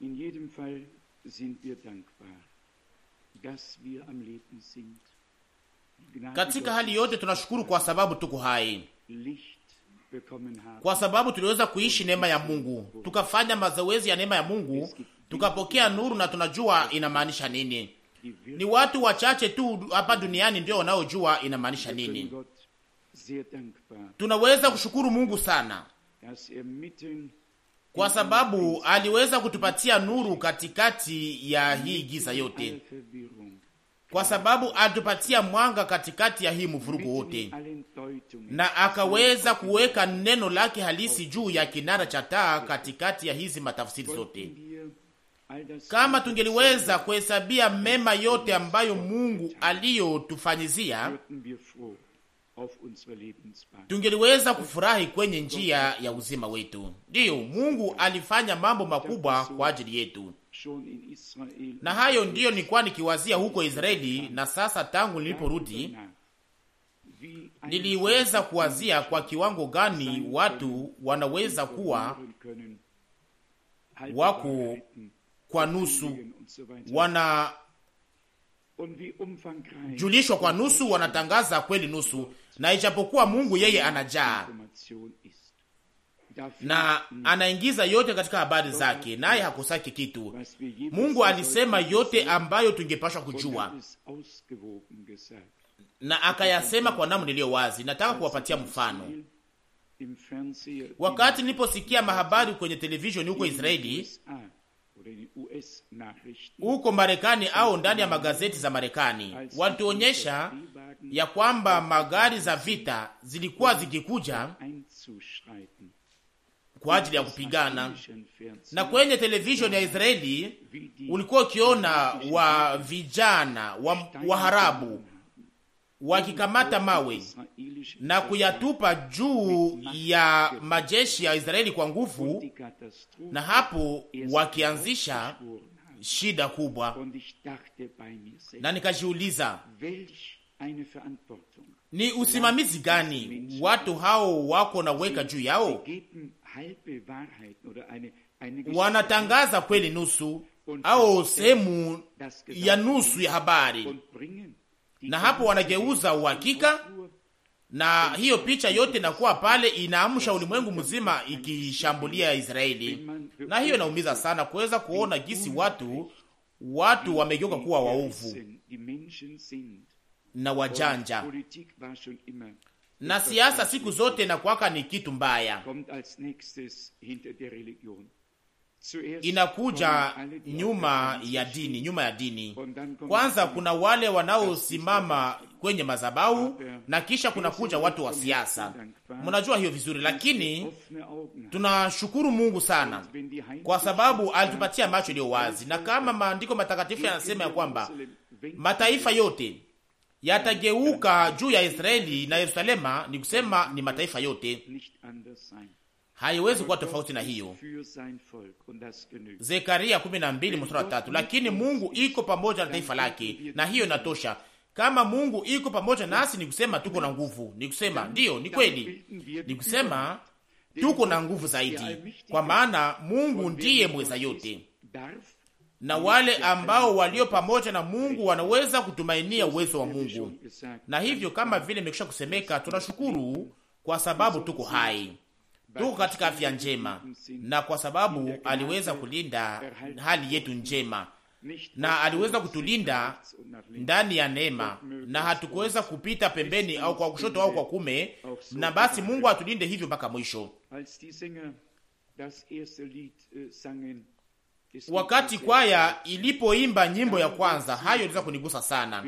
In jedem Fall sind wir dankbar, dass wir am Leben sind. Katika hali yote tunashukuru kwa sababu tuko hai, kwa sababu tuliweza kuishi neema ya Mungu, tukafanya mazoezi ya neema ya Mungu, tukapokea nuru na tunajua inamaanisha nini. Ni watu wachache tu hapa duniani ndio wanaojua inamaanisha nini. Tunaweza kushukuru Mungu sana kwa sababu aliweza kutupatia nuru katikati ya hii giza yote, kwa sababu alitupatia mwanga katikati ya hii mvurugu wote, na akaweza kuweka neno lake halisi juu ya kinara cha taa katikati ya hizi matafsiri zote. Kama tungeliweza kuhesabia mema yote ambayo Mungu aliyotufanyizia, tungeliweza kufurahi kwenye njia ya uzima wetu. Ndiyo, Mungu alifanya mambo makubwa kwa ajili yetu, na hayo ndiyo nilikuwa nikiwazia huko Israeli. Na sasa tangu niliporudi, niliweza kuwazia kwa kiwango gani watu wanaweza kuwa wako kwa nusu, wanajulishwa kwa nusu, wanatangaza kweli nusu na ijapokuwa Mungu yeye anajaa na anaingiza yote katika habari zake, naye hakosaki kitu. Mungu alisema yote ambayo tungepashwa kujua na akayasema kwa namna iliyo wazi. Nataka kuwapatia mfano. Wakati niliposikia mahabari kwenye televisheni huko Israeli, huko Marekani au ndani ya magazeti za Marekani, walituonyesha ya kwamba magari za vita zilikuwa zikikuja kwa ajili ya kupigana, na kwenye televisheni ya Israeli ulikuwa ukiona wa vijana wa waharabu wakikamata mawe na kuyatupa juu ya majeshi ya Israeli kwa nguvu, na hapo wakianzisha shida kubwa, na nikajiuliza ni usimamizi gani watu hao wako na weka juu yao? Wanatangaza kweli nusu au sehemu ya nusu ya habari, na hapo wanageuza uhakika, na hiyo picha yote inakuwa pale, inaamsha ulimwengu mzima ikishambulia Israeli, na hiyo inaumiza sana kuweza kuona jinsi watu watu wamegeuka kuwa waovu na wajanja, na siasa siku zote inakuwaka ni kitu mbaya, inakuja nyuma ya dini, nyuma ya dini. Kwanza kuna wale wanaosimama kwenye madhabahu na kisha kunakuja watu wa siasa. Mnajua hiyo vizuri, lakini tunashukuru Mungu sana kwa sababu alitupatia macho iliyo wazi, na kama maandiko matakatifu yanasema ya kwamba mataifa yote yatageuka juu ya Israeli na Yerusalema, ni kusema ni mataifa yote. Haiwezi kuwa tofauti na hiyo. Zekaria 12 mstari wa 3, lakini Mungu iko pamoja na taifa lake, na hiyo inatosha. Kama Mungu iko pamoja nasi, ni kusema tuko na nguvu, ni kusema ndiyo, ni kweli, ni kusema tuko na nguvu zaidi, kwa maana Mungu ndiye mweza yote na wale ambao walio pamoja na Mungu wanaweza kutumainia uwezo wa Mungu. Na hivyo kama vile imekwisha kusemeka, tunashukuru kwa sababu tuko hai, tuko katika afya njema, na kwa sababu aliweza kulinda hali yetu njema, na aliweza kutulinda ndani ya neema, na hatukuweza kupita pembeni au kwa kushoto au kwa kume, na basi Mungu atulinde hivyo mpaka mwisho wakati kwaya ilipoimba nyimbo ya kwanza, hayo iliweza kunigusa sana,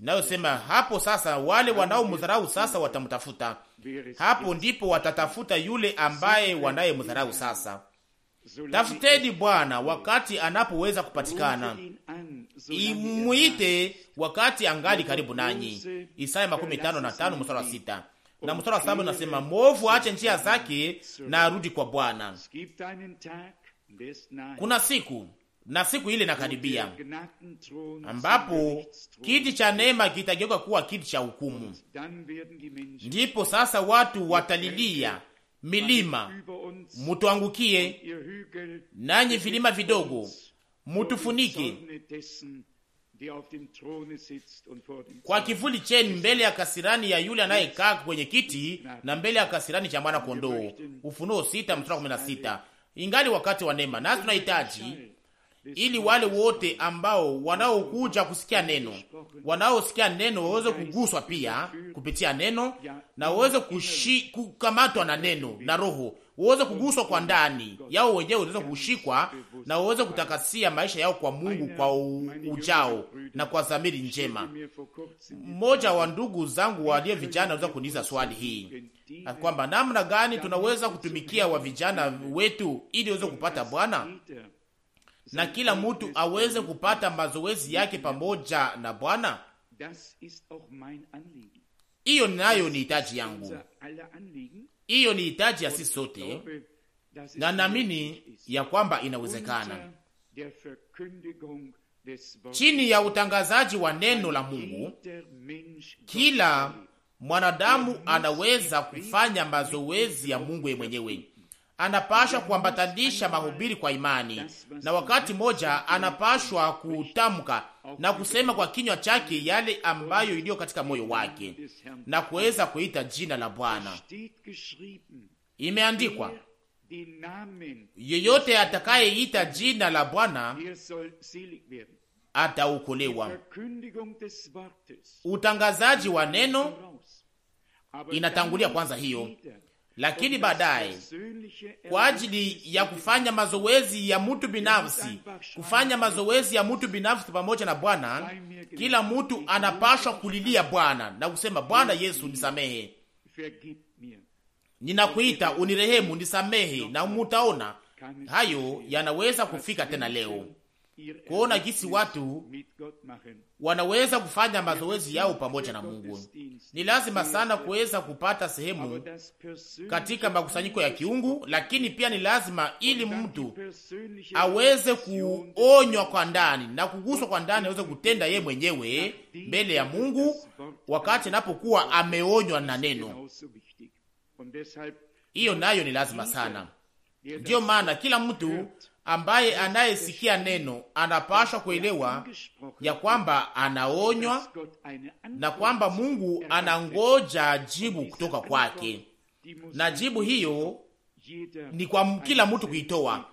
nayosema hapo sasa, wale wanaomdharau sasa watamtafuta. Hapo ndipo watatafuta yule ambaye wanaye wanayemdharau sasa. Tafuteni Bwana wakati anapoweza kupatikana, imwite wakati angali karibu nanyi. Isaya makumi tano na tano mstari wa sita na mstari wa saba unasema, mwovu ache njia zake na arudi kwa Bwana. Kuna siku na siku ile inakaribia, ambapo kiti cha neema kitageuka kuwa kiti cha hukumu. Ndipo sasa watu watalilia milima, mutuangukie, nanyi vilima vidogo mutufunike kwa kivuli chenu mbele ya kasirani ya yule anayekaa kwenye kiti na mbele ya kasirani cha mwana kondoo. Ufunuo sita mstari kumi na sita ingali wakati wa neema, nasi tunahitaji ili wale wote ambao wanaokuja kusikia neno, wanaosikia neno waweze kuguswa pia kupitia neno, na waweze kukamatwa na neno na Roho, waweze kuguswa kwa ndani yao wenyewe, waweze kushikwa na waweze kutakasia maisha yao kwa Mungu kwa ujao na kwa dhamiri njema. Mmoja wa ndugu zangu walio vijana waweza kuniuliza swali hii kwamba namna gani tunaweza kutumikia wa vijana wetu ili waweze kupata Bwana na kila mtu aweze kupata mazoezi yake pamoja na Bwana. Hiyo nayo ni hitaji yangu, hiyo ni hitaji ya sisi sote, na naamini ya kwamba inawezekana chini ya utangazaji wa neno la Mungu. Kila mwanadamu anaweza kufanya mazoezi ya Mungu yeye mwenyewe. Anapashwa kuambatanisha mahubiri kwa imani, na wakati moja anapashwa kutamka na kusema kwa kinywa chake yale ambayo iliyo katika moyo wake na kuweza kuita jina la Bwana. Imeandikwa, yeyote atakayeita jina la Bwana ataokolewa. Utangazaji wa neno inatangulia kwanza hiyo, lakini baadaye kwa ajili ya kufanya mazoezi ya mtu binafsi, kufanya mazoezi ya mtu binafsi pamoja na Bwana, kila mtu anapashwa kulilia Bwana na kusema, Bwana Yesu, nisamehe, ninakuita unirehemu, nisamehe. Na mutaona hayo yanaweza kufika tena leo kuona jinsi watu wanaweza kufanya mazoezi yao pamoja na Mungu. Ni lazima sana kuweza kupata sehemu katika makusanyiko ya kiungu, lakini pia ni lazima ili mtu aweze kuonywa kwa ndani na kuguswa kwa ndani, aweze kutenda ye mwenyewe mbele ya Mungu wakati anapokuwa ameonywa na neno. Hiyo nayo ni lazima sana. Ndiyo maana kila mtu ambaye anayesikia neno anapashwa kuelewa ya kwamba anaonywa na kwamba Mungu anangoja jibu kutoka kwake, na jibu hiyo ni kwa kila mtu kuitoa.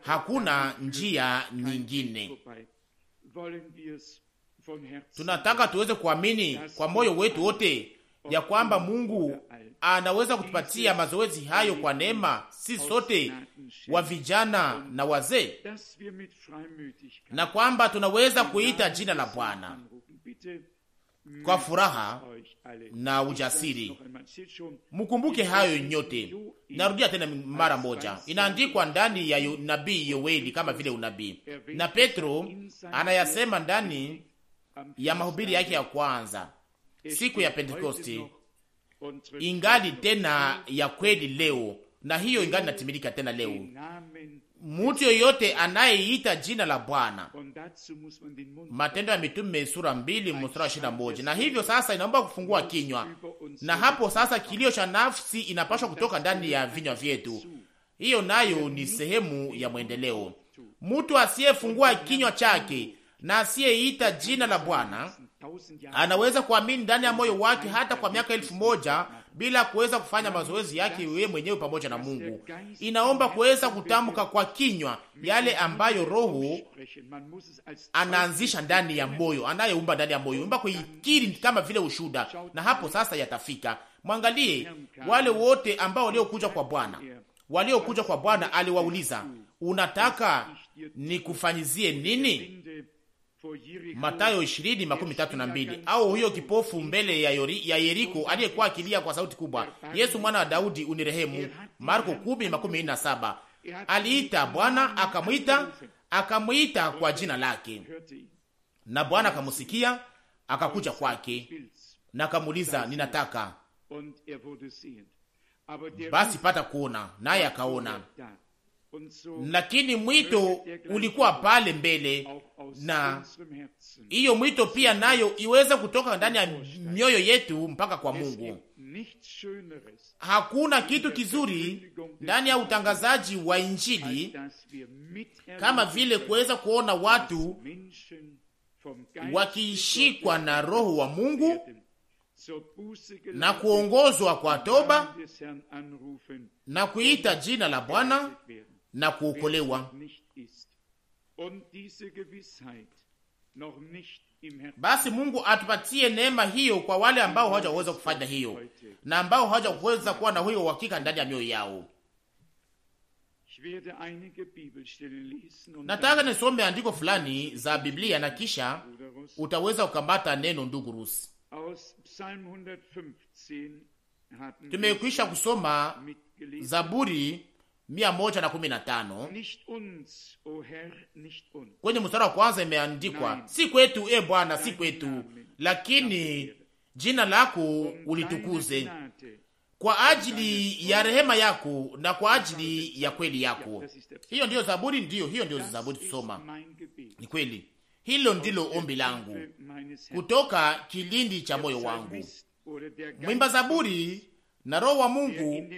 Hakuna njia nyingine. Tunataka tuweze kuamini kwa moyo wetu wote ya kwamba Mungu anaweza kutupatia mazoezi hayo kwa neema, si sote wa vijana na wazee, na kwamba tunaweza kuita jina la Bwana kwa furaha na ujasiri. Mkumbuke hayo nyote. Narudia tena mara moja, inaandikwa ndani ya nabii yoweli kama vile unabii, er na Petro anayasema ndani ya mahubiri yake ya kwanza siku ya Pentekoste ingali tena ya kweli leo, na hiyo ingali natimilika tena leo. Mtu yoyote anayeita jina la Bwana. Matendo ya Mitume sura mbili mstari wa ishirini na moja. Na hivyo sasa inaomba kufungua kinywa, na hapo sasa kilio cha nafsi inapashwa kutoka ndani ya vinywa vyetu. Hiyo nayo ni sehemu ya mwendeleo. Mtu asiyefungua kinywa chake na asiyeita jina la Bwana anaweza kuamini ndani ya moyo wake hata kwa miaka elfu moja bila kuweza kufanya mazoezi yake yeye mwenyewe pamoja na Mungu. Inaomba kuweza kutamka kwa kinywa yale ambayo Roho anaanzisha ndani ya moyo, anayeumba ndani ya moyo, umba kuikiri kama vile ushuda, na hapo sasa yatafika. Mwangalie wale wote ambao waliokuja kwa Bwana, waliokuja kwa Bwana aliwauliza, unataka nikufanyizie nini? Matayo 20:32. Au huyo kipofu mbele ya, Yori, ya Yeriko aliyekuwa akilia kwa sauti kubwa, Yesu mwana wa Daudi unirehemu. Marko 10:47. Aliita Bwana akamwita, akamwita kwa jina lake, na Bwana akamusikia, akakuja kwake na akamuuliza, ninataka basi pata kuona, naye akaona. Lakini mwito ulikuwa pale mbele na hiyo mwito pia nayo iweze kutoka ndani ya mioyo yetu mpaka kwa Mungu. Hakuna kitu kizuri ndani ya utangazaji wa Injili kama vile kuweza kuona watu wakiishikwa na Roho wa Mungu na kuongozwa kwa toba na kuita jina la Bwana na kuokolewa. Basi Mungu atupatie neema hiyo kwa wale ambao hawajaweza kufanya hiyo na ambao hawajaweza kuwa na huyo uhakika ndani ya mioyo yao. Nataka nisome andiko fulani za Biblia na kisha utaweza kukambata neno, ndugu Rusi. Tumekwisha kusoma Zaburi mia moja na kumi na tano kwenye mstari wa kwanza imeandikwa, si kwetu e Bwana, si kwetu, lakini jina lako um ulitukuze kwa um ajili ya rehema yako na kwa um ajili ya kweli yako. Hiyo ndiyo Zaburi, ndiyo hiyo ndiyo Zaburi tusoma. Ni kweli, hilo ndilo ombi langu kutoka kilindi cha moyo wangu. Mwimba Zaburi na Roho wa Mungu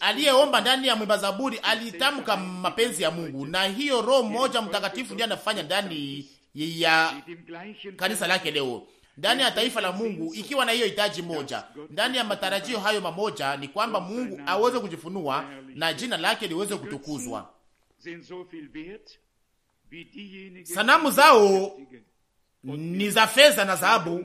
aliyeomba ndani ya mwimba Zaburi alitamka mapenzi ya Mungu, na hiyo Roho mmoja Mtakatifu ndiye anafanya ndani ya kanisa lake leo, ndani ya taifa la Mungu, ikiwa na hiyo hitaji moja. Ndani ya matarajio hayo mamoja ni kwamba Mungu aweze kujifunua na jina lake liweze kutukuzwa. Sanamu zao ni za fedha na dhahabu,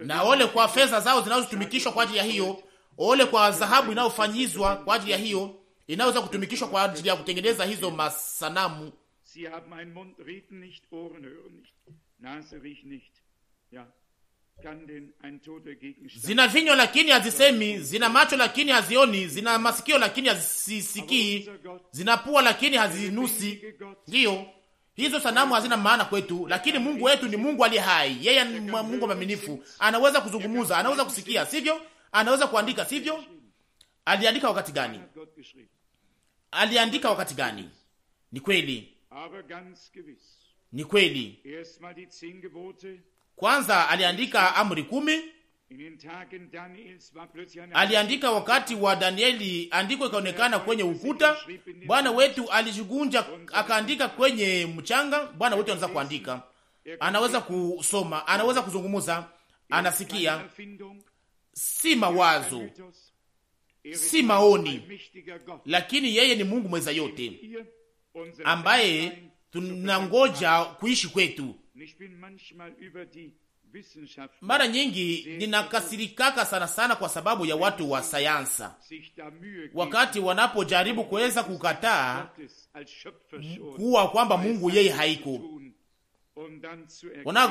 na ole kwa fedha zao zinazotumikishwa kwa ajili ya hiyo, ole kwa dhahabu inayofanyizwa kwa ajili ya hiyo, inaweza kutumikishwa kwa ajili ya kutengeneza hizo masanamu. Zina vinywa lakini hazisemi, zina macho lakini hazioni, zina masikio lakini hazisikii, zina pua lakini hazinusi. Ndiyo. Hizo sanamu hazina maana kwetu, lakini Mungu wetu ni Mungu aliye hai. Yeye ni Mungu mwaminifu, anaweza kuzungumza, anaweza kusikia, sivyo? Anaweza kuandika, sivyo? Aliandika wakati gani? Aliandika wakati gani? Ni kweli, ni kweli. Kwanza aliandika amri kumi aliandika wakati wa Danieli, andiko ikaonekana kwenye ukuta. Bwana wetu alijigunja akaandika kwenye mchanga. Bwana wetu anaweza kuandika, anaweza kusoma, anaweza kuzungumuza, anasikia. Si mawazo, si maoni, lakini yeye ni Mungu mweza yote, ambaye tunangoja kuishi kwetu mara nyingi ninakasirikaka sana sana kwa sababu ya watu wa sayansa, wakati wanapojaribu kuweza kukataa kuwa kwamba Mungu yeye haiko, um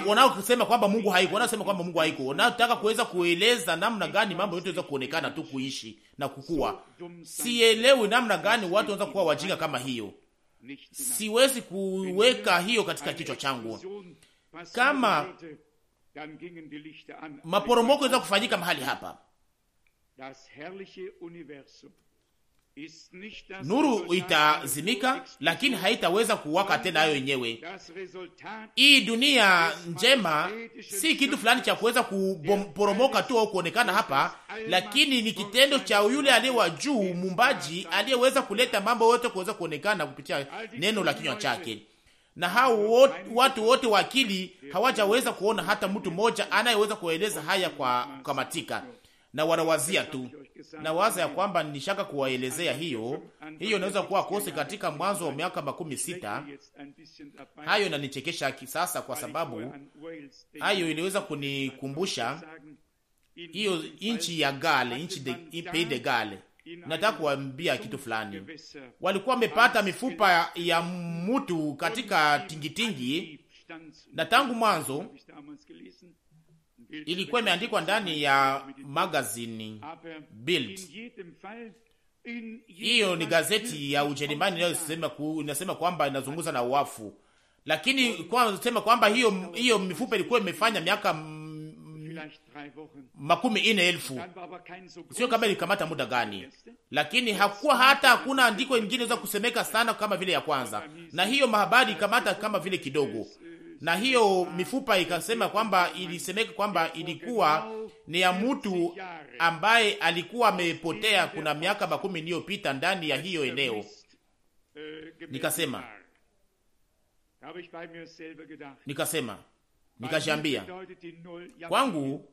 wanaosema er kwamba Mungu haiko, wanaosema kwamba Mungu haiko, wanataka kuweza kueleza namna gani mambo yote yaweza kuonekana tu kuishi na kukua. Sielewi namna gani watu wanaweza kuwa wajinga kama hiyo. Siwezi kuweka hiyo katika kichwa changu kama maporomoko iweza kufanyika mahali hapa. Nuru itazimika, lakini haitaweza kuwaka tena hayo yenyewe. Hii dunia njema si kitu fulani cha kuweza kuporomoka tu au kuonekana hapa, lakini ni kitendo cha yule aliye wa juu, mumbaji, aliyeweza kuleta mambo yote kuweza kuonekana kupitia neno la kinywa chake na hao watu wote wa akili hawajaweza kuona hata mtu mmoja anayeweza kueleza haya kwa kamatika, na wanawazia tu na waza ya kwamba nishaka kuwaelezea hiyo hiyo, inaweza kuwa kose katika mwanzo wa miaka makumi sita. Hayo inanichekesha sasa, kwa sababu hayo inaweza kunikumbusha hiyo nchi ya Gale, nchi de, de Gale Nataka kuambia kitu fulani. Uh, Walikuwa wamepata mifupa ya mtu katika tingitingi, na tangu mwanzo ilikuwa imeandikwa ndani ya magazini uh, Bild. Hiyo ni gazeti ya Ujerumani inasema kwamba inazunguza na wafu lakini kwa sema kwamba hiyo hiyo mifupa ilikuwa imefanya miaka makumi ine elfu. Sio kama ilikamata muda gani, lakini hakuwa hata hakuna andiko ingine za kusemeka sana kama vile ya kwanza, na hiyo mahabari ikamata kama vile kidogo, na hiyo mifupa ikasema kwamba ilisemeka kwamba ilikuwa ni ya mtu ambaye alikuwa amepotea kuna miaka makumi iliyopita ndani ya hiyo eneo. Nikasema nikasema Nikashambia kwangu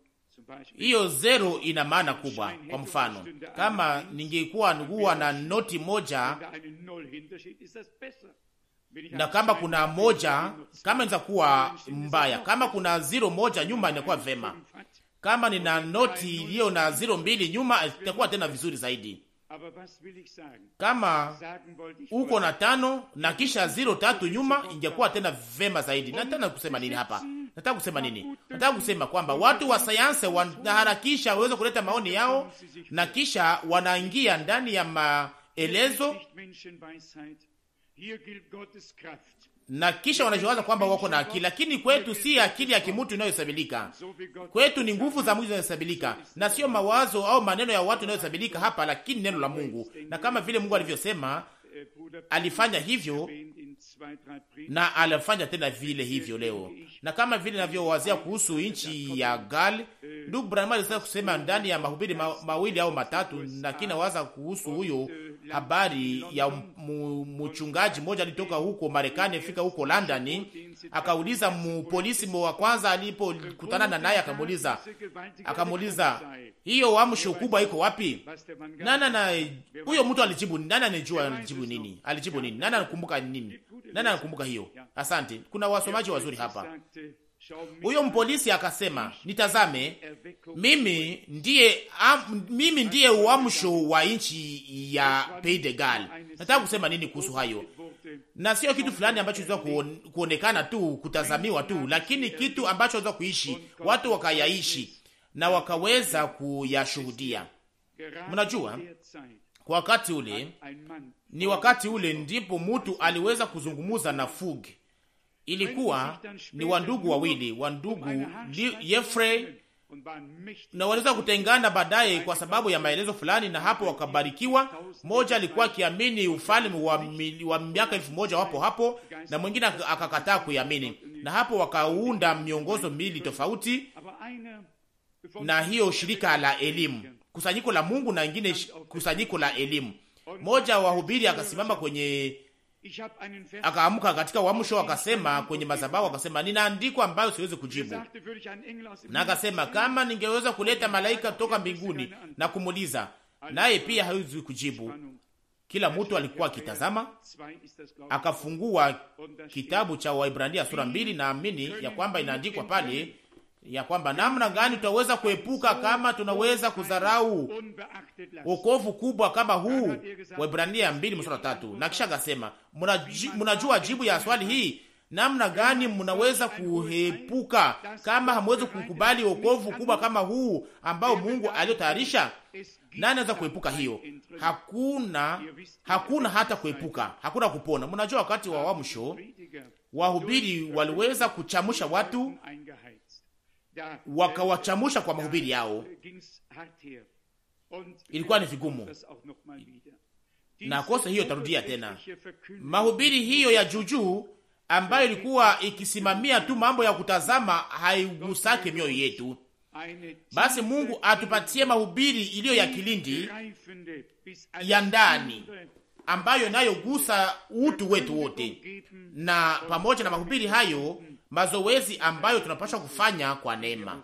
hiyo zero ina maana kubwa. Kwa mfano, kama ningekuwa nguwa na noti moja na kama kuna moja, kama inaweza kuwa mbaya. Kama kuna zero moja nyuma, inakuwa vema. Kama nina noti iliyo na zero mbili nyuma, itakuwa tena vizuri zaidi. Kama uko na tano na kisha ziro tatu nyuma, ingekuwa tena vema zaidi. Nataka kusema nini hapa? Nataka kusema nini? Nataka kusema kwamba watu wa sayansi wanaharakisha waweze kuleta maoni yao, na kisha wanaingia ndani ya maelezo na kisha wanajiwaza kwamba wako na akili, lakini kwetu si akili ya kimutu inayohesabilika. Kwetu ni nguvu za Mungu zinazohesabilika, na sio mawazo au maneno ya watu inayohesabilika hapa, lakini neno la Mungu. Na kama vile Mungu alivyosema, alifanya hivyo na alifanya tena vile hivyo leo. Na kama vile navyowazia kuhusu nchi ya Gal, ndugu Branham alisema kusema ndani ya mahubiri mawili au matatu, lakini nawaza kuhusu huyo habari ya mchungaji mmoja alitoka huko Marekani afika huko London, akauliza mpolisi wa kwanza alipokutana na naye, akamuuliza akamuuliza hiyo amsho kubwa iko wapi? Nana na huyo mtu alijibu, nana anijua alijibu nini? Alijibu nini? Nana anakumbuka nini? Nana anakumbuka hiyo. Asante. Kuna wasomaji wazuri hapa. Huyo mpolisi akasema, nitazame, mimi ndiye am, mimi ndiye uamsho wa nchi ya Pays de Gal. Nataka kusema nini kuhusu hayo? Na sio kitu fulani ambacho weza kuonekana tu, kutazamiwa tu, lakini kitu ambacho weza kuishi, watu wakayaishi na wakaweza kuyashuhudia. Mnajua, kwa wakati ule ni wakati ule ndipo mtu aliweza kuzungumuza na Fug ilikuwa ni wandugu wawili, wandugu Yefre, na waliweza kutengana baadaye kwa sababu ya maelezo fulani, na hapo wakabarikiwa. Mmoja alikuwa akiamini ufalme wa, wa miaka elfu moja wapo hapo, na mwingine akakataa kuiamini, na hapo wakaunda miongozo mbili tofauti, na hiyo shirika la elimu, kusanyiko la Mungu na ingine kusanyiko la elimu. Mmoja wahubiri akasimama kwenye Akaamka katika uamsho akasema kwenye madhabahu, akasema nina andiko ambayo siwezi kujibu, na akasema kama ningeweza kuleta malaika toka mbinguni na kumuuliza, naye pia hawezi kujibu. Kila mtu alikuwa akitazama. Akafungua kitabu cha Waibrania sura mbili, naamini ya kwamba inaandikwa pale ya kwamba namna gani tutaweza kuepuka kama tunaweza kudharau wokovu kubwa kama huu. Waebrania mbili mstari tatu. Na kisha akasema, mnajua jibu ya swali hii, namna gani mnaweza kuepuka kama hamwezi kukubali wokovu kubwa kama huu ambao Mungu aliyotayarisha? Nani anaweza kuepuka hiyo? Hakuna, hakuna hata kuepuka, hakuna kupona. Mnajua wakati wa wamsho wahubiri waliweza kuchamusha watu wakawachamusha kwa mahubiri yao. Ilikuwa ni vigumu na kosa hiyo tarudia tena, mahubiri hiyo ya juujuu ambayo ilikuwa ikisimamia tu mambo ya kutazama, haigusake mioyo yetu. Basi Mungu atupatie mahubiri iliyo ya kilindi ya ndani ambayo inayogusa utu wetu wote, na pamoja na mahubiri hayo mazoezi ambayo tunapaswa kufanya kwa neema,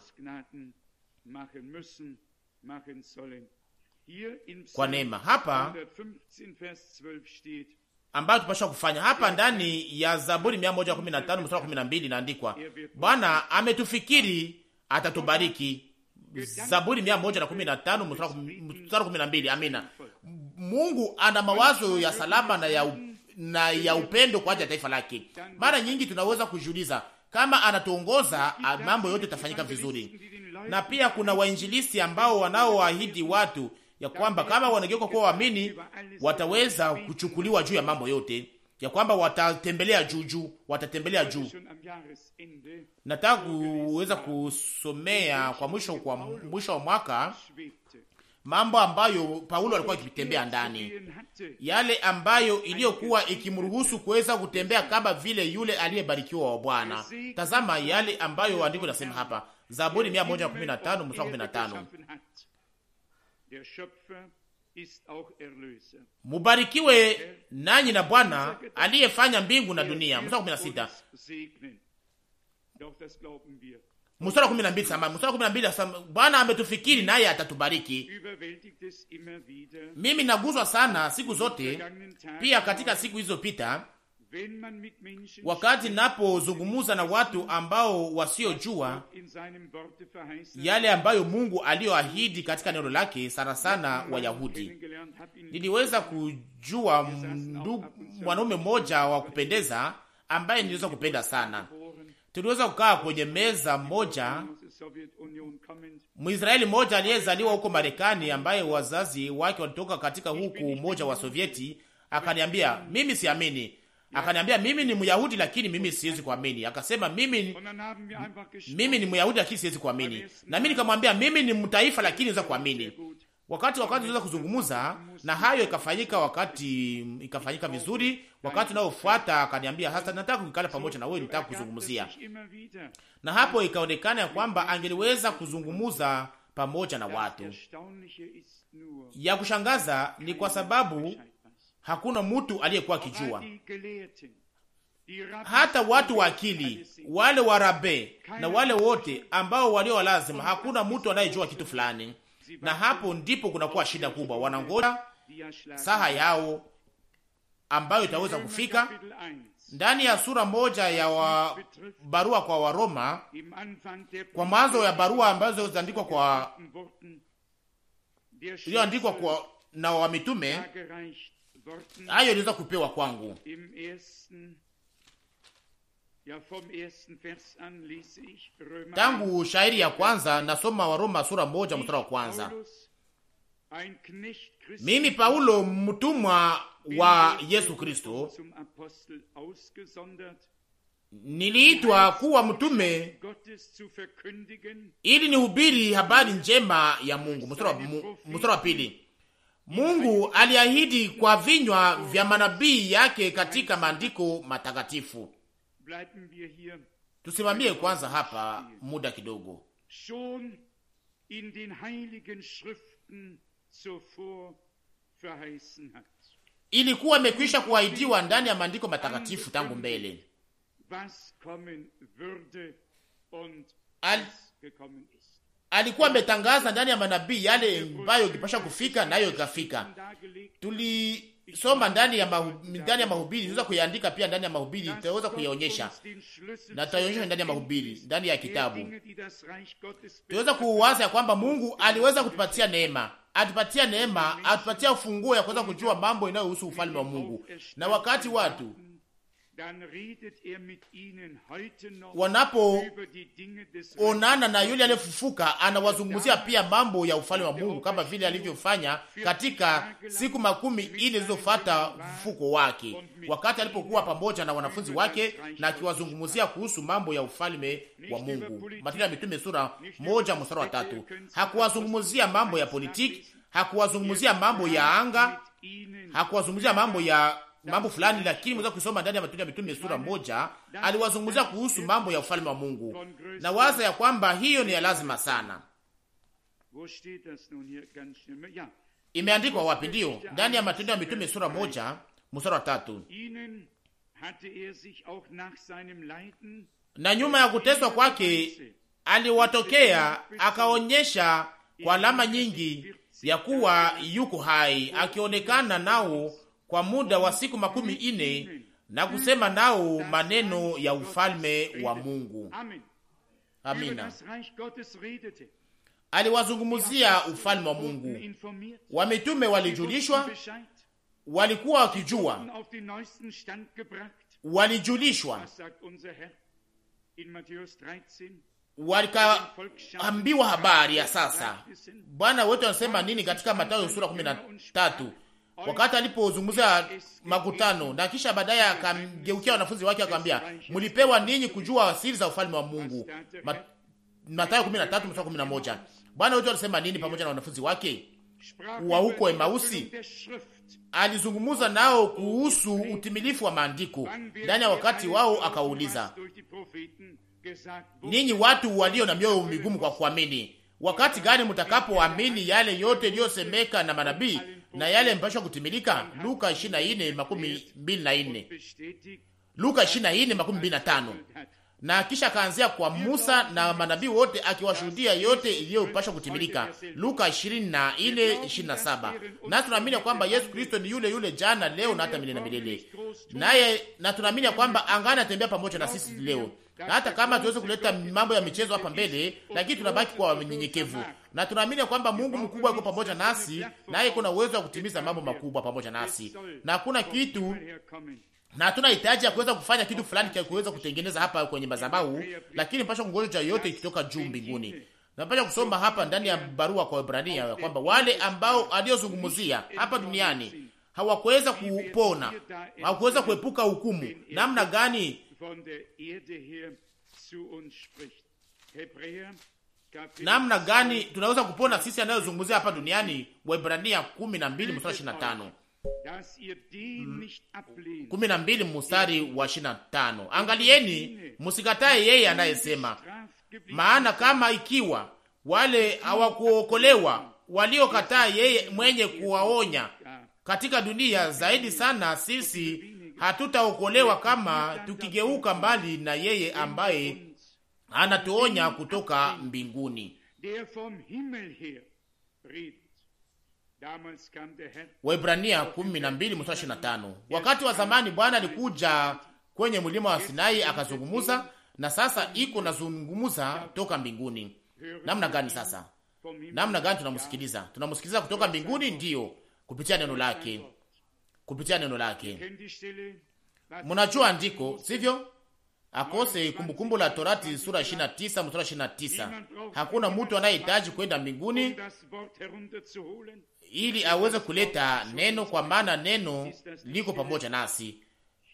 kwa neema hapa ambayo tupasha kufanya hapa er ndani ya Zaburi 115 mstari 12, inaandikwa er Bwana ametufikiri atatubariki. Er Zaburi 115 mstari 12. Amina. Mungu ana mawazo ya salama na ya na ya upendo kwa ajili ya taifa lake. Mara nyingi tunaweza kujiuliza kama anatuongoza mambo yote yatafanyika vizuri. Na pia kuna wainjilisi ambao wanaoahidi watu ya kwamba kama wanageuka kuwa waamini wataweza kuchukuliwa juu ya mambo yote, ya kwamba watatembelea juu juu, watatembelea juu. Nataka kuweza kusomea kwa mwisho kwa mwisho wa mwaka mambo ambayo Paulo alikuwa akitembea ndani, yale ambayo iliyokuwa ikimruhusu kuweza kutembea kama vile yule aliyebarikiwa wa Bwana. Tazama yale ambayo andiko nasema hapa, Zaburi 115 mstari 15, mubarikiwe nanyi na Bwana aliyefanya mbingu na dunia. Mstari mstari wa 12 sasa, mstari wa 12 sasa, Bwana ametufikiri naye atatubariki. Mimi naguzwa sana siku zote, pia katika siku hizo pita, wakati napozungumuza na watu ambao wasiojua yale ambayo Mungu aliyoahidi katika neno lake, sana sana Wayahudi. Niliweza kujua mwanaume mmoja wa kupendeza ambaye niliweza kupenda sana tuliweza kukaa kwenye meza moja. Mwisraeli mmoja aliyezaliwa huko Marekani, ambaye wazazi wake walitoka katika huku umoja wa Sovieti, akaniambia mimi siamini. Akaniambia mimi ni Myahudi, lakini mimi siwezi kuamini. Akasema mimi, mimi ni Myahudi, lakini siwezi kuamini. Na mimi nikamwambia mimi ni mtaifa, lakini naweza kuamini wakati wakati tunaweza kuzungumza na hayo, ikafanyika wakati ikafanyika vizuri. Wakati unaofuata akaniambia, hasa nataka kukala pamoja na wewe, nitaka kuzungumzia na hapo. Ikaonekana ya kwamba angeliweza kuzungumza pamoja na watu. Ya kushangaza ni kwa sababu hakuna mtu aliyekuwa akijua, hata watu wa akili wale warabe na wale wote ambao walio lazima, hakuna mtu anayejua kitu fulani na hapo ndipo kunakuwa shida kubwa. Wanangoja saha yao ambayo itaweza kufika ndani ya sura moja ya wa barua kwa Waroma, kwa mwanzo ya barua ambazo ziliandikwa kwa iliyoandikwa kwa na wamitume, hayo iliweza kupewa kwangu Tangu shairi ya kwanza nasoma Waroma sura moja mstari wa kwanza. Mimi Paulo mtumwa wa Yesu Kristo niliitwa um kuwa mtume ili nihubiri habari njema ya Mungu. Mstari wa pili, Mungu aliahidi kwa vinywa vya manabii yake katika maandiko matakatifu Tusimamie kwanza hapa muda kidogo. Ilikuwa imekwisha kuahidiwa ndani ya maandiko matakatifu tangu mbele Al alikuwa ametangaza ndani ya manabii yale ambayo ikipasha kufika nayo ikafika. Tuli soma ndani ya ndani ya mahubiri unaweza kuiandika pia ndani ya mahubiri, tutaweza kuionyesha na tutaionyesha ndani ya mahubiri, ndani ya kitabu tuweza kuwaza ya kwamba Mungu aliweza kutupatia neema, atupatia neema, atupatia ufunguo ya kuweza kujua mambo inayohusu ufalme wa Mungu, na wakati watu Er wanapoonana na yule aliyefufuka, anawazungumzia pia mambo ya ufalme wa Mungu kama vile alivyofanya katika siku makumi ile zilizofata mfuko wake, wakati alipokuwa pamoja na wanafunzi wake na akiwazungumzia kuhusu mambo ya ufalme wa Mungu. Matendo ya Mitume sura moja mstari wa tatu. Hakuwazungumzia mambo ya politiki, hakuwazungumzia mambo ya anga, hakuwazungumzia mambo ya mambo fulani, lakini mweza kusoma ndani ya Matendo ya Mitume sura moja, aliwazungumzia kuhusu mambo ya ufalme wa Mungu na waza ya kwamba hiyo ni ya lazima sana. Imeandikwa wapi? Ndio, ndani ya Matendo ya Mitume sura moja mstari wa tatu. Er na nyuma ya kuteswa kwake aliwatokea akaonyesha kwa alama nyingi ya kuwa yuko hai, akionekana nao kwa muda wa siku makumi ine na kusema nao maneno ya ufalme wa Mungu. Amina. Aliwazungumzia ufalme wa Mungu, wametume walijulishwa, walikuwa wakijua, walijulishwa walikaambiwa habari ya sasa. Bwana wetu anasema nini katika Mathayo sura 13? wakati alipozungumza makutano, na kisha baadaye akamgeukia wanafunzi wake akamwambia, mlipewa ninyi kujua siri za ufalme wa Mungu. Mathayo 13 mstari 11. Bwana wetu alisema nini pamoja na wanafunzi wake wa huko Emausi? Alizungumza nao kuhusu utimilifu wa maandiko ndani ya wakati wao, akauliza ninyi watu walio na mioyo migumu kwa kuamini, wakati gani mtakapoamini yale yote iliyosemeka na manabii na yale mpashwa kutimilika. Luka 24:24, Luka mbili Na kisha akaanzia kwa Musa na manabii wote akiwashuhudia yote iliyopashwa kutimilika. Luka 24:27. Na tunaamini kwamba Yesu Kristo ni yule yule jana, leo na hata milele na milele, naye na tunaamini kwamba angana atembea pamoja na sisi leo hata kama tuweze kuleta mambo ya michezo hapa mbele, lakini tunabaki kwa wanyenyekevu na tunaamini kwamba Mungu mkubwa yuko pamoja nasi, naye kuna uwezo wa kutimiza mambo makubwa pamoja nasi, na hakuna kitu na hatuna hitaji ya kuweza kufanya kitu fulani cha kuweza kutengeneza hapa kwenye mazabau, lakini mpasha kungoja yote ikitoka juu mbinguni. Napasha kusoma hapa ndani ya barua kwa Ibrania ya kwamba wale ambao aliozungumzia hapa duniani hawakuweza kupona, hawakuweza kuepuka hukumu. Namna gani namna gani tunaweza kupona sisi anayozungumzia hapa duniani. Waebrania kumi mm. kumi na mbili mstari wa Angalieni musikataye yeye anayesema, maana kama ikiwa wale hawakuokolewa waliokataa yeye mwenye kuwaonya katika dunia, zaidi sana sisi hatutaokolewa kama tukigeuka mbali na yeye ambaye anatuonya kutoka mbinguni. Waibrania 12:25. Wakati wa zamani Bwana alikuja kwenye mlima wa Sinai akazungumuza, na sasa iko nazungumuza toka mbinguni. Namna gani sasa? Namna gani tunamsikiliza? Tunamsikiliza kutoka mbinguni, ndiyo, kupitia neno lake kupitia neno lake. Mnajua andiko, sivyo? Akose Kumbukumbu la Torati sura 29 mstari 29. Hakuna mtu anayehitaji kwenda mbinguni ili aweze kuleta neno, kwa maana neno liko pamoja nasi.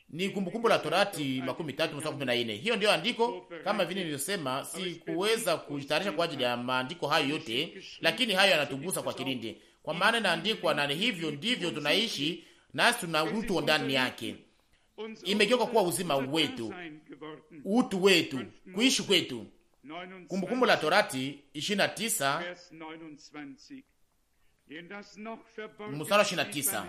Ni Kumbukumbu la Torati makumi tatu mstari kumi na nne. Hiyo ndiyo andiko. Kama vile nilivyosema, sikuweza kujitayarisha kwa ajili ya maandiko hayo yote, lakini hayo yanatugusa kwa kilindi, kwa maana inaandikwa, na hivyo ndivyo tunaishi nasi tuna utu ndani yake, imegeuka kuwa uzima wetu, utu wetu, kuishi kwetu. Kumbukumbu la Torati 29 mstari 29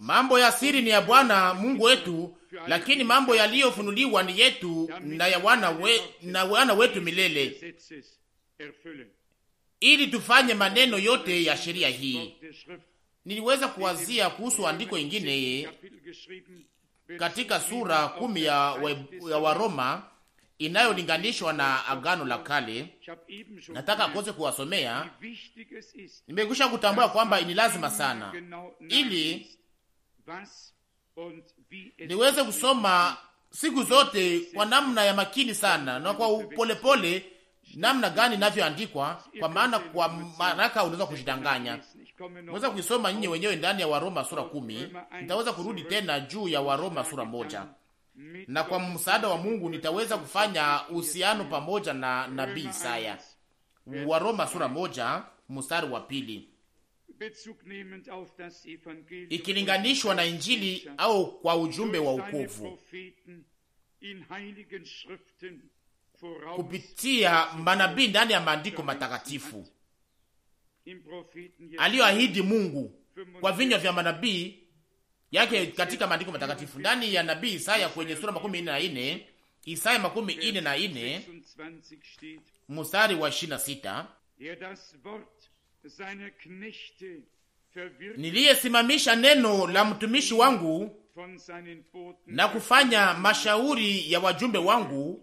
mambo ya siri ni ya Bwana Mungu wetu, lakini mambo yaliyofunuliwa ni yetu na ya wana we, na wana wetu milele ili tufanye maneno yote ya sheria hii. Niliweza kuwazia kuhusu andiko ingine katika sura kumi ya, we, ya Waroma inayolinganishwa na Agano la Kale. Nataka kuweze kuwasomea. Nimekwisha kutambua kwamba ni lazima sana ili niweze kusoma siku zote kwa namna ya makini sana na kwa upolepole namna gani inavyoandikwa, kwa maana kwa maraka unaweza kujidanganya. Unaweza kuisoma nyinyi wenyewe ndani ya Waroma sura oh, kumi. Nitaweza kurudi tena juu ya Waroma sura moja, na kwa msaada wa Mungu nitaweza kufanya uhusiano pamoja na nabii Isaya. Waroma sura moja mstari wa pili ikilinganishwa na Injili au kwa ujumbe wa ukovu kupitia manabii ndani ya maandiko matakatifu aliyoahidi Mungu kwa vinywa vya manabii yake katika maandiko matakatifu ndani ya nabii Isaya kwenye sura makumi nne na nne Isaya makumi nne na nne mstari wa ishirini na sita niliyesimamisha neno la mtumishi wangu na kufanya mashauri ya wajumbe wangu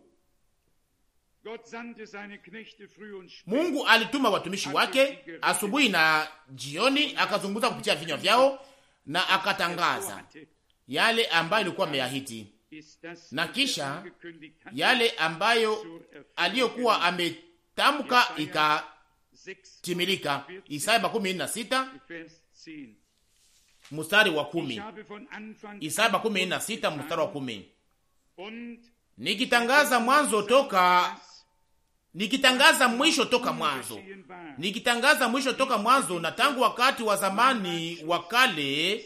Mungu alituma watumishi wake asubuhi na jioni, akazungumza kupitia vinywa vyao na akatangaza yale ambayo ilikuwa ameahidi, na kisha yale ambayo aliyokuwa ametamka ikatimilika. Isaya makumi na sita mstari wa kumi. Isaya makumi na sita mstari wa kumi, nikitangaza mwanzo toka nikitangaza mwisho toka mwanzo, nikitangaza mwisho toka mwanzo, na tangu wakati wa zamani wa kale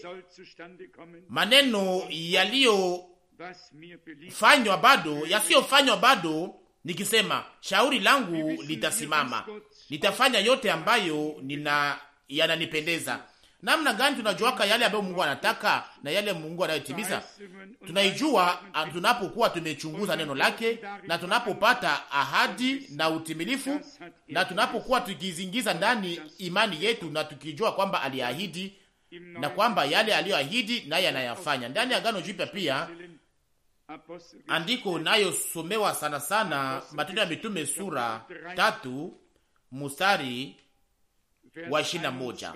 maneno yaliyofanywa bado yasiyofanywa bado, nikisema shauri langu litasimama, nitafanya yote ambayo nina yananipendeza Namna gani tunajuaka yale ambayo Mungu anataka na yale Mungu anayotimiza? Tunaijua ah, tunapokuwa tumechunguza neno lake na tunapopata ahadi na utimilifu, na tunapokuwa tukizingiza ndani imani yetu na tukijua kwamba aliahidi na kwamba yale aliyoahidi naye anayafanya. Ndani ya Agano Jipya pia andiko nayosomewa sana sana, Matendo ya Mitume sura tatu mustari wa ishirini na moja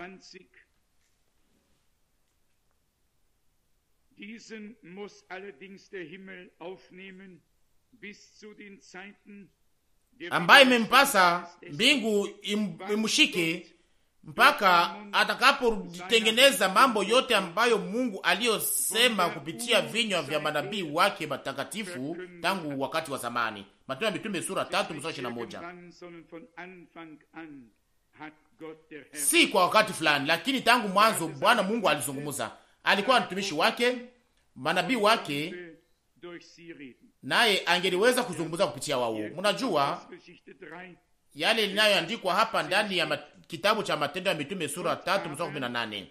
Diesen muss allerdings der Himmel aufnehmen bis zu den Zeiten ambaye imempasa mbingu imushike mpaka atakapotengeneza mambo yote ambayo Mungu aliyosema kupitia vinywa vya manabii wake matakatifu tangu wakati wa zamani. Matendo ya Mitume sura 3 mstari ishirini na Si kwa wakati fulani, lakini tangu er mwanzo Bwana Mungu alizungumza, alikuwa mtumishi wake manabii wake, naye angeliweza kuzungumza kupitia wao. Mnajua yale linayoandikwa hapa ndani ya kitabu cha Matendo ya Mitume sura tatu mstari kumi na nane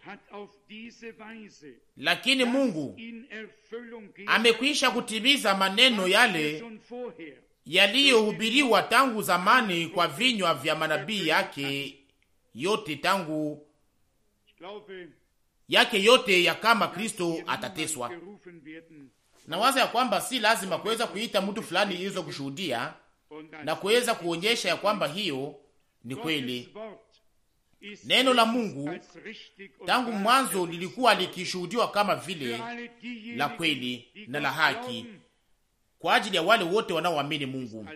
lakini Mungu amekwisha kutimiza maneno yale yaliyohubiriwa tangu zamani kwa vinywa vya manabii yake yote tangu yake yote ya kama Kristo atateswa. Na waza ya kwamba si lazima kuweza kuita mtu fulani ilizo kushuhudia na kuweza kuonyesha ya kwamba hiyo ni kweli. Neno la Mungu tangu mwanzo lilikuwa likishuhudiwa kama vile la kweli na la haki kwa ajili ya wale wote wanaoamini Mungu.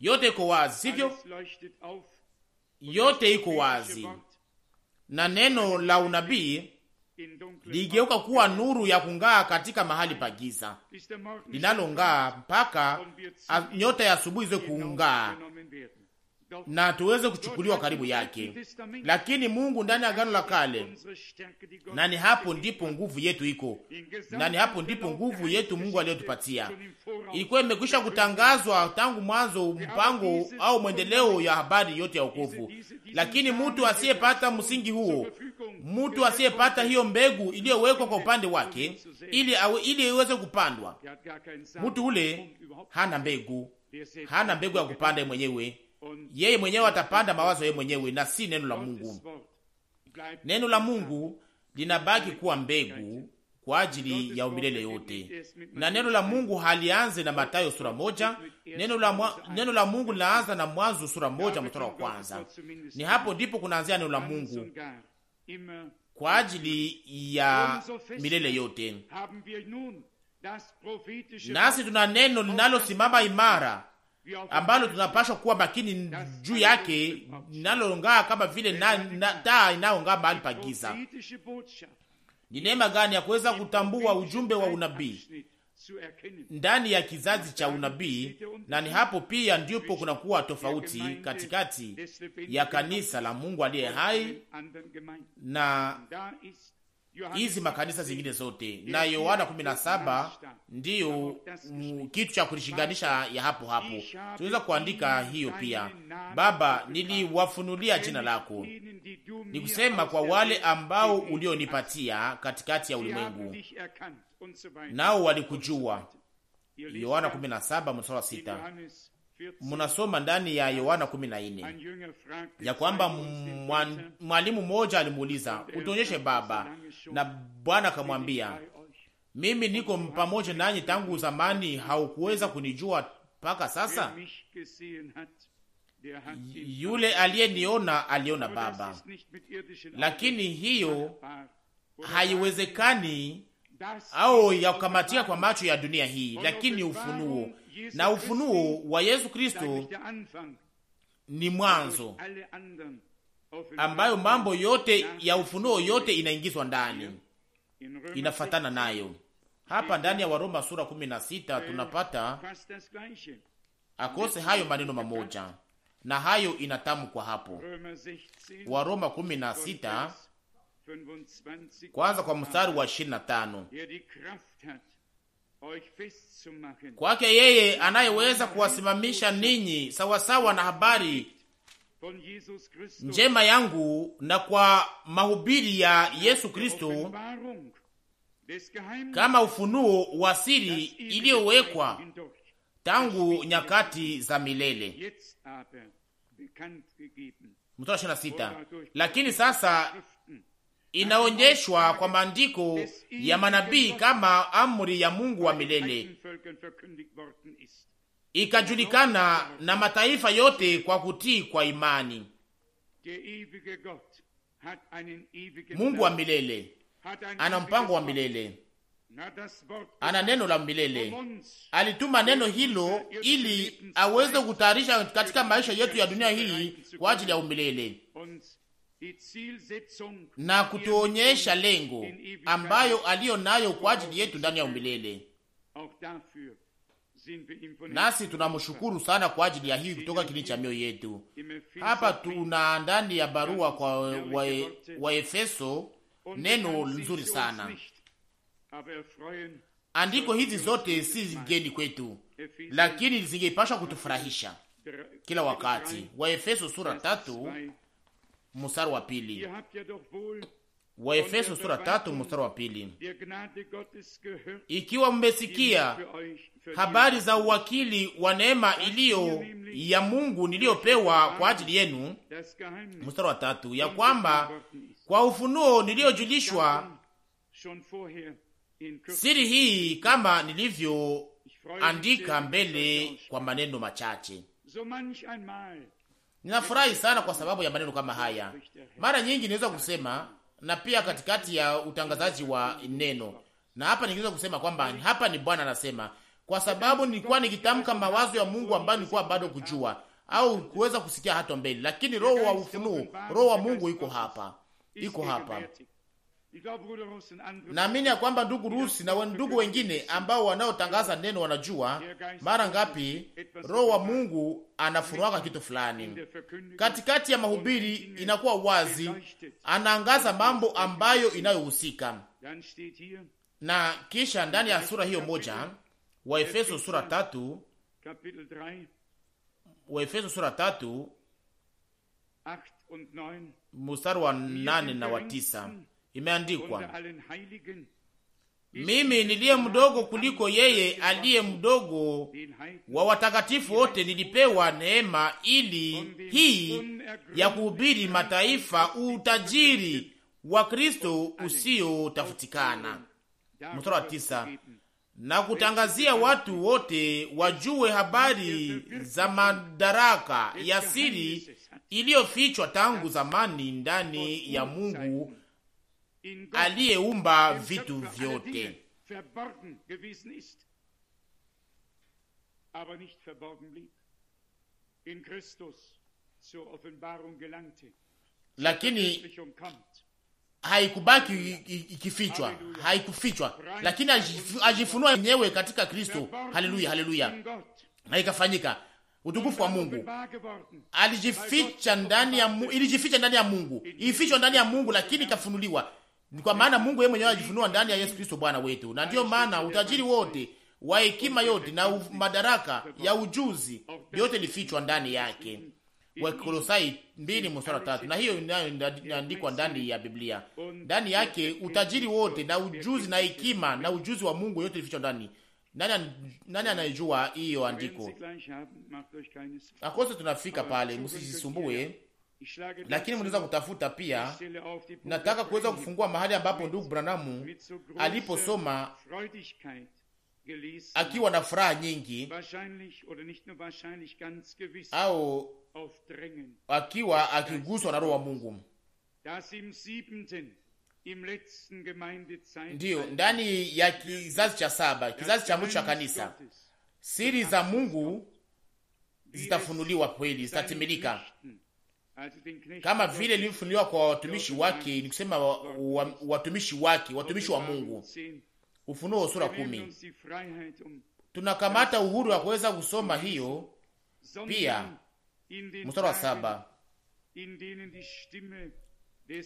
Yote iko wazi, sivyo? Yote iko wazi na neno la unabii ligeuka kuwa nuru ya kung'aa katika mahali pa giza linalong'aa mpaka nyota ya asubuhi iweze kung'aa na tuweze kuchukuliwa karibu yake. Lakini Mungu ndani ya Agano la Kale, na ni hapo ndipo nguvu yetu iko, na ni hapo ndipo nguvu yetu Mungu aliyotupatia. Ilikuwa imekwisha kutangazwa tangu mwanzo, mpango au mwendeleo ya habari yote ya wokovu, lakini mtu asiyepata msingi huo, mtu asiyepata hiyo mbegu iliyowekwa kwa upande wake ili ili iweze kupandwa, mtu ule hana mbegu, hana mbegu ya kupanda mwenyewe yeye mwenyewe atapanda mawazo yeye mwenyewe na si neno la Mungu. Neno la Mungu linabaki kuwa mbegu kwa ajili ya umilele yote, na neno la Mungu halianze na Mathayo sura moja. Neno la, mwa, neno la Mungu linaanza na Mwanzo sura moja mstari wa kwanza. Ni hapo ndipo kunaanzia neno la Mungu kwa ajili ya milele yote, nasi tuna neno linalosimama imara ambalo tunapashwa kuwa makini juu yake, linalong'aa kama vile na, na, taa inayong'aa mahali pa giza. Ni neema gani ya kuweza kutambua ujumbe wa unabii ndani ya kizazi cha unabii, na ni hapo pia ndipo kunakuwa tofauti katikati ya kanisa la Mungu aliye hai na hizi makanisa zingine zote, na Yohana 17 ndiyo kitu cha kulishinganisha ya hapo hapo. Tunaweza kuandika hiyo pia: Baba, niliwafunulia jina lako, ni kusema kwa wale ambao ulionipatia katikati ya yaani ulimwengu, nao walikujua. Yohana 17 mstari wa munasoma ndani ya Yohana 14 ya kwamba mwalimu mmoja alimuuliza utuonyeshe Baba, na Bwana akamwambia mimi niko pamoja nanyi tangu zamani, haukuweza kunijua mpaka sasa. Yule aliyeniona aliona Baba. Lakini hiyo haiwezekani au ya kukamatika kwa macho ya dunia hii, lakini ufunuo na ufunuo wa Yesu Kristo ni mwanzo ambayo mambo yote ya ufunuo yote inaingizwa ndani, inafatana nayo. Hapa ndani ya Waroma sura 16 eh, tunapata akose hayo maneno mamoja, na hayo inatamkwa hapo Waroma 16 kwanza kwa mstari wa 25 kwake yeye anayeweza kuwasimamisha ninyi sawasawa na habari njema yangu na kwa mahubiri ya Yesu Kristo kama ufunuo wa siri iliyowekwa tangu nyakati za milele. Mstari ishirini na sita. Lakini sasa inaonyeshwa kwa maandiko ya manabii kama amri ya Mungu wa milele, ikajulikana na mataifa yote kwa kutii kwa imani. Mungu wa milele ana mpango wa milele, ana neno la milele. Alituma neno hilo ili aweze kutayarisha katika maisha yetu ya dunia hii kwa ajili ya umilele na kutuonyesha lengo ambayo aliyo nayo kwa ajili yetu ndani ya umilele. Nasi tunamshukuru sana kwa ajili ya hii kutoka kilini cha mioyo yetu. Hapa tuna ndani ya barua kwa Waefeso wa, e, neno nzuri sana. Andiko hizi zote si zigeni kwetu, lakini zingepashwa kutufurahisha kila wakati. Waefeso sura tatu mstari wa pili wa Efeso sura tatu mstari wa pili. Ikiwa mmesikia habari za uwakili wa neema iliyo ya Mungu niliyopewa kwa ajili yenu, mstari wa tatu, ya kwamba kwa ufunuo niliyojulishwa siri hii kama nilivyoandika mbele kwa maneno machache. Ninafurahi sana kwa sababu ya maneno kama haya. Mara nyingi niweza kusema na pia katikati ya utangazaji wa neno, na hapa ningeweza kusema kwamba hapa ni Bwana anasema, kwa sababu nilikuwa nikitamka mawazo ya Mungu ambayo nilikuwa bado kujua au kuweza kusikia hata mbele, lakini roho wa ufunuo, roho wa Mungu iko hapa, iko hapa Naamini ya kwamba ndugu Rusi na ndugu wengine ambao wanaotangaza neno wanajua mara ngapi Roho wa Mungu anafunuaka kitu fulani katikati ya mahubiri, inakuwa wazi, anaangaza mambo ambayo inayohusika. Na kisha ndani ya sura hiyo moja, Waefeso sura tatu, Waefeso sura tatu mstari wa nane na wa tisa Imeandikwa, mimi niliye mdogo kuliko yeye aliye mdogo wa watakatifu wote, nilipewa neema ili hii ya kuhubiri mataifa utajiri wa Kristo usiotafutikana. Mstari wa tisa, na kutangazia watu wote wajue habari za madaraka ya siri iliyofichwa tangu zamani ndani ya Mungu aliyeumba vitu vyote. Lakini haikubaki ikifichwa, haikufichwa, lakini ajifunua mwenyewe katika Kristo. Haleluya, haleluya! Na ikafanyika utukufu wa Mungu. Alijificha ndani ya Mungu, ilijificha ndani ya Mungu, ifichwa ndani ya Mungu, lakini ikafunuliwa ni kwa maana Mungu yeye mwenyewe alijifunua ndani ya Yesu Kristo Bwana wetu, na ndiyo maana utajiri wote wa hekima yote na madaraka ya ujuzi yote lifichwa ndani yake. Wakolosai mbili mstari wa tatu. Na hiyo inaandikwa ndani ya Biblia, ndani yake utajiri wote na ujuzi na hekima na ujuzi wa Mungu yote lifichwa ndani. Nani, nani anayejua hiyo andiko? Akose tunafika pale, msijisumbue lakini mnaweza kutafuta pia. Nataka kuweza kufungua mahali ambapo ndugu Branamu aliposoma akiwa na furaha nyingi au akiwa akiguswa na Roho wa Mungu. Ndiyo, ndani ya kizazi cha saba, kizazi cha mwisho cha kanisa, siri za Mungu zitafunuliwa kweli, zitatimilika kama vile ilivyofunuliwa kwa watumishi wake, ni kusema watumishi wake, watumishi wa Mungu. Ufunuo sura kumi. Tunakamata uhuru wa kuweza kusoma hiyo pia, mstari wa saba.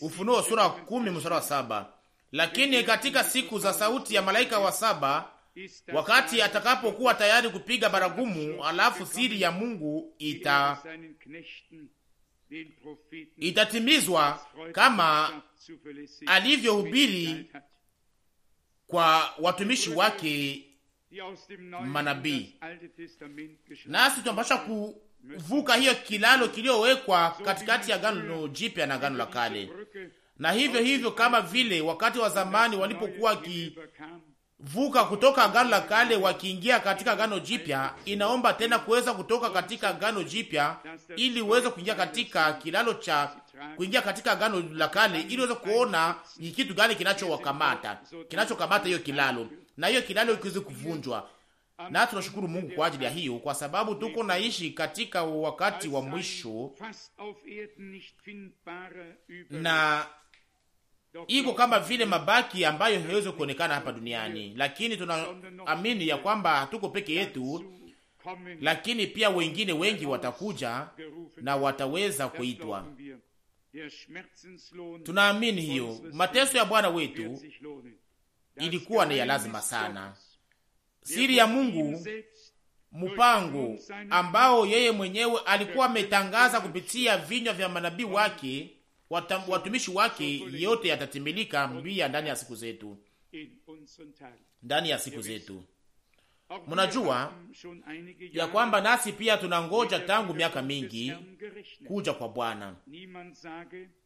Ufunuo sura kumi mstari wa saba. Lakini katika siku za sauti ya malaika wa saba, wakati atakapokuwa tayari kupiga baragumu, alafu siri ya Mungu ita itatimizwa kama alivyohubiri kwa watumishi wake manabii. Nasi tunapasha kuvuka hiyo kilalo kiliyowekwa katikati ya gano jipya na gano la kale, na hivyo hivyo, kama vile wakati wa zamani walipokuwa ki vuka kutoka agano la kale wakiingia katika agano jipya, inaomba tena kuweza kutoka katika agano jipya ili uweze kuingia katika kilalo cha kuingia katika agano la kale, ili uweze kuona ni kitu gani kinachowakamata kinachokamata hiyo kilalo, na hiyo kilalo ikiweze kuvunjwa. Na tunashukuru Mungu kwa ajili ya hiyo, kwa sababu tuko naishi katika wakati wa mwisho na iko kama vile mabaki ambayo haiwezi kuonekana hapa duniani, lakini tunaamini ya kwamba hatuko peke yetu, lakini pia wengine wengi watakuja na wataweza kuitwa. Tunaamini hiyo. Mateso ya Bwana wetu ilikuwa ni ya lazima sana. Siri ya Mungu, mpango ambao yeye mwenyewe alikuwa ametangaza kupitia vinywa vya manabii wake watumishi wake yote yatatimilika mbia ndani ya siku zetu, ndani ya siku zetu. Mnajua ya kwamba nasi pia tunangoja tangu miaka mingi kuja kwa Bwana,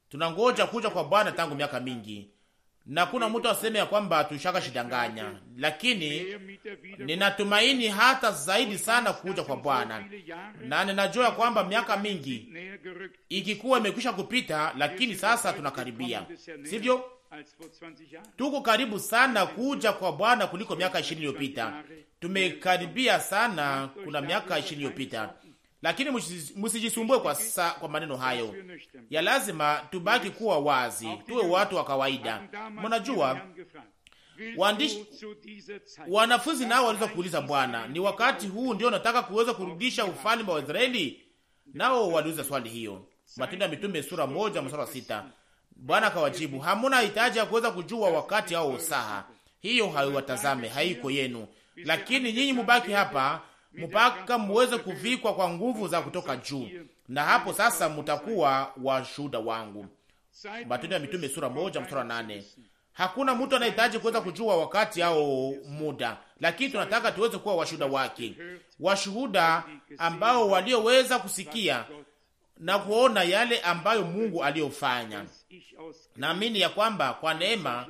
tunangoja kuja kwa Bwana tangu miaka mingi na kuna mtu aseme ya kwamba shidanganya lakini ninatumaini hata zaidi sana kuja kwa Bwana, na ninajua ya kwamba miaka mingi ikikuwa imekwisha kupita, lakini sasa tunakaribia, sivyo? Tuko karibu sana kuja kwa Bwana kuliko miaka ishirini iliyopita. Tumekaribia sana kuna miaka ishirini iliyopita lakini msijisumbue kwa, sa, kwa maneno hayo. Ya lazima tubaki kuwa wazi, tuwe watu wa kawaida. Mnajua wanafunzi nao waliweza kuuliza Bwana, ni wakati huu ndio nataka kuweza kurudisha ufalme wa Israeli? Nao waliuliza swali hiyo, Matendo ya Mitume sura moja mstari wa sita. Bwana akawajibu, hamuna hitaji ya kuweza kujua wakati au usaha, hiyo haiwatazame, haiko yenu, lakini nyinyi mubaki hapa mpaka muweze kuvikwa kwa nguvu za kutoka juu, na hapo sasa mutakuwa washuhuda wangu. Matendo ya Mitume sura moja mstari nane. Hakuna mtu anahitaji kuweza kujua wakati au muda, lakini tunataka tuweze kuwa washuhuda wake, washuhuda ambao walioweza kusikia na kuona yale ambayo Mungu aliyofanya. Naamini ya kwamba kwa neema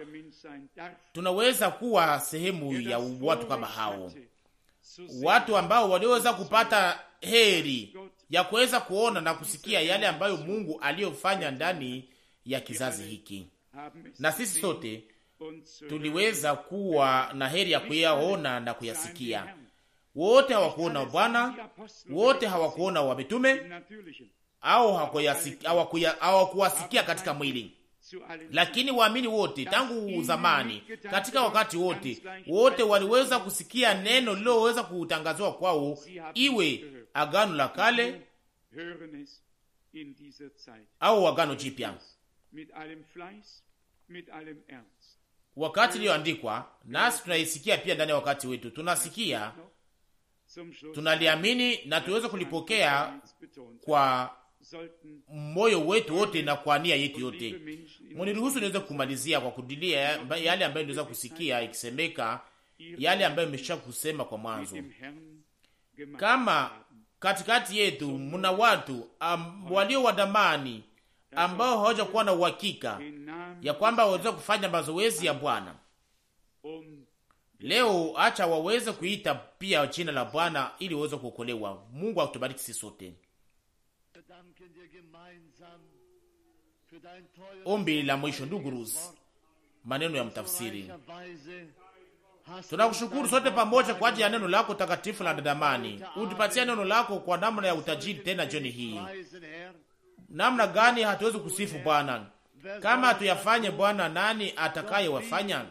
tunaweza kuwa sehemu ya watu kama hao watu ambao walioweza kupata heri ya kuweza kuona na kusikia yale ambayo Mungu aliyofanya ndani ya kizazi hiki, na sisi sote tuliweza kuwa na heri ya kuyaona na kuyasikia. Wote hawakuona Bwana, wote hawakuona wamitume au hawakuwasikia katika mwili, lakini waamini wote tangu zamani, katika wakati wote, wote waliweza kusikia neno liloweza kutangazwa kwao, iwe agano la kale au agano jipya, wakati iliyoandikwa, nasi tunaisikia pia ndani ya wakati wetu, tunasikia tunaliamini na tuweze kulipokea kwa moyo wetu wote na kwa nia yetu yote. Mniruhusu niweze kumalizia kwa kudilia yale ambayo niweza kusikia ikisemeka, yale ambayo imesha kusema kwa mwanzo. Kama katikati yetu mna watu um, walio wadamani ambao hawaja kuwa na uhakika ya kwamba waweza kufanya mazoezi ya Bwana um leo, acha waweze kuita pia jina la Bwana ili waweze kuokolewa. Mungu akutubariki sisi sote. Ombi la mwisho, ndugu Rus, maneno ya mtafsiri. Tunakushukuru sote pamoja kwa ajili ya neno lako takatifu la dadamani. Utupatia neno lako kwa namna ya utajiri tena jioni hii. Namna gani hatuwezi kusifu Bwana kama hatuyafanye Bwana? Nani atakayewafanya?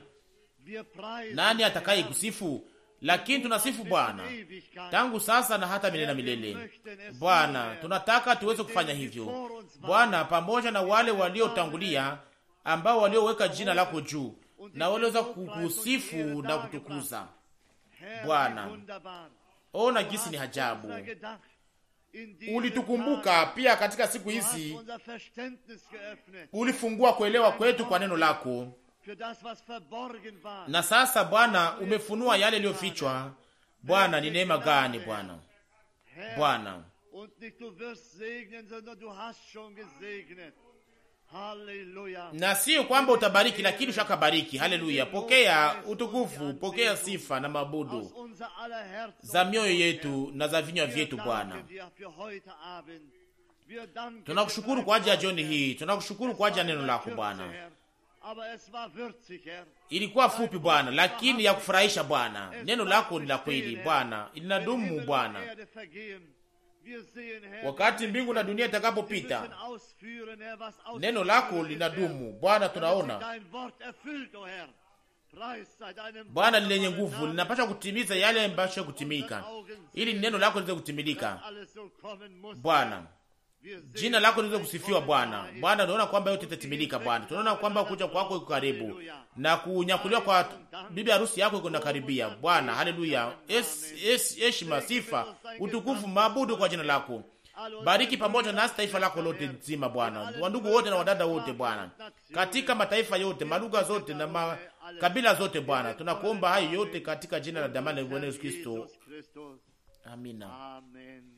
Nani atakaye kusifu? lakini tunasifu Bwana tangu sasa na hata milele na yaani milele. Bwana, tunataka tuweze kufanya hivyo Bwana, pamoja na wale waliotangulia ambao walioweka jina lako juu na waliweza kukusifu na kutukuza Bwana. Ona gisi ni hajabu ulitukumbuka pia katika siku hizi, ulifungua kuelewa kwetu kwa neno lako na sasa Bwana umefunua yale yaliyofichwa. Bwana ni neema gani Bwana! Bwana na sio kwamba utabariki, lakini ushakabariki. Haleluya! Pokea utukufu, pokea sifa na mabudu za mioyo yetu na za vinywa vyetu. Bwana, tunakushukuru kwa ajili ya jioni hii, tunakushukuru kwa ajili ya neno lako Bwana. Ilikuwa fupi Bwana, lakini ya kufurahisha Bwana. Neno lako ni la kweli Bwana, linadumu Bwana. Wakati mbingu na dunia itakapopita, neno lako linadumu Bwana. Tunaona Bwana ni lenye nguvu, linapasha kutimiza yale ambayo kutimika, ili neno lako liweze kutimilika Bwana. Jina lako liweze kusifiwa Bwana. Bwana, tunaona kwamba yote itatimilika Bwana. Tunaona kwamba kuja kwako iko karibu na kunyakuliwa kwa bibi harusi yako iko nakaribia Bwana. Haleluya, heshima, sifa, utukufu, mabudu kwa jina lako. Bariki pamoja nasi taifa lako lote nzima Bwana, wandugu wote na wadada wote Bwana, katika mataifa yote, malugha zote na makabila zote Bwana, tunakuomba hayo yote katika jina la damani la Yesu Kristo, amina. Amen.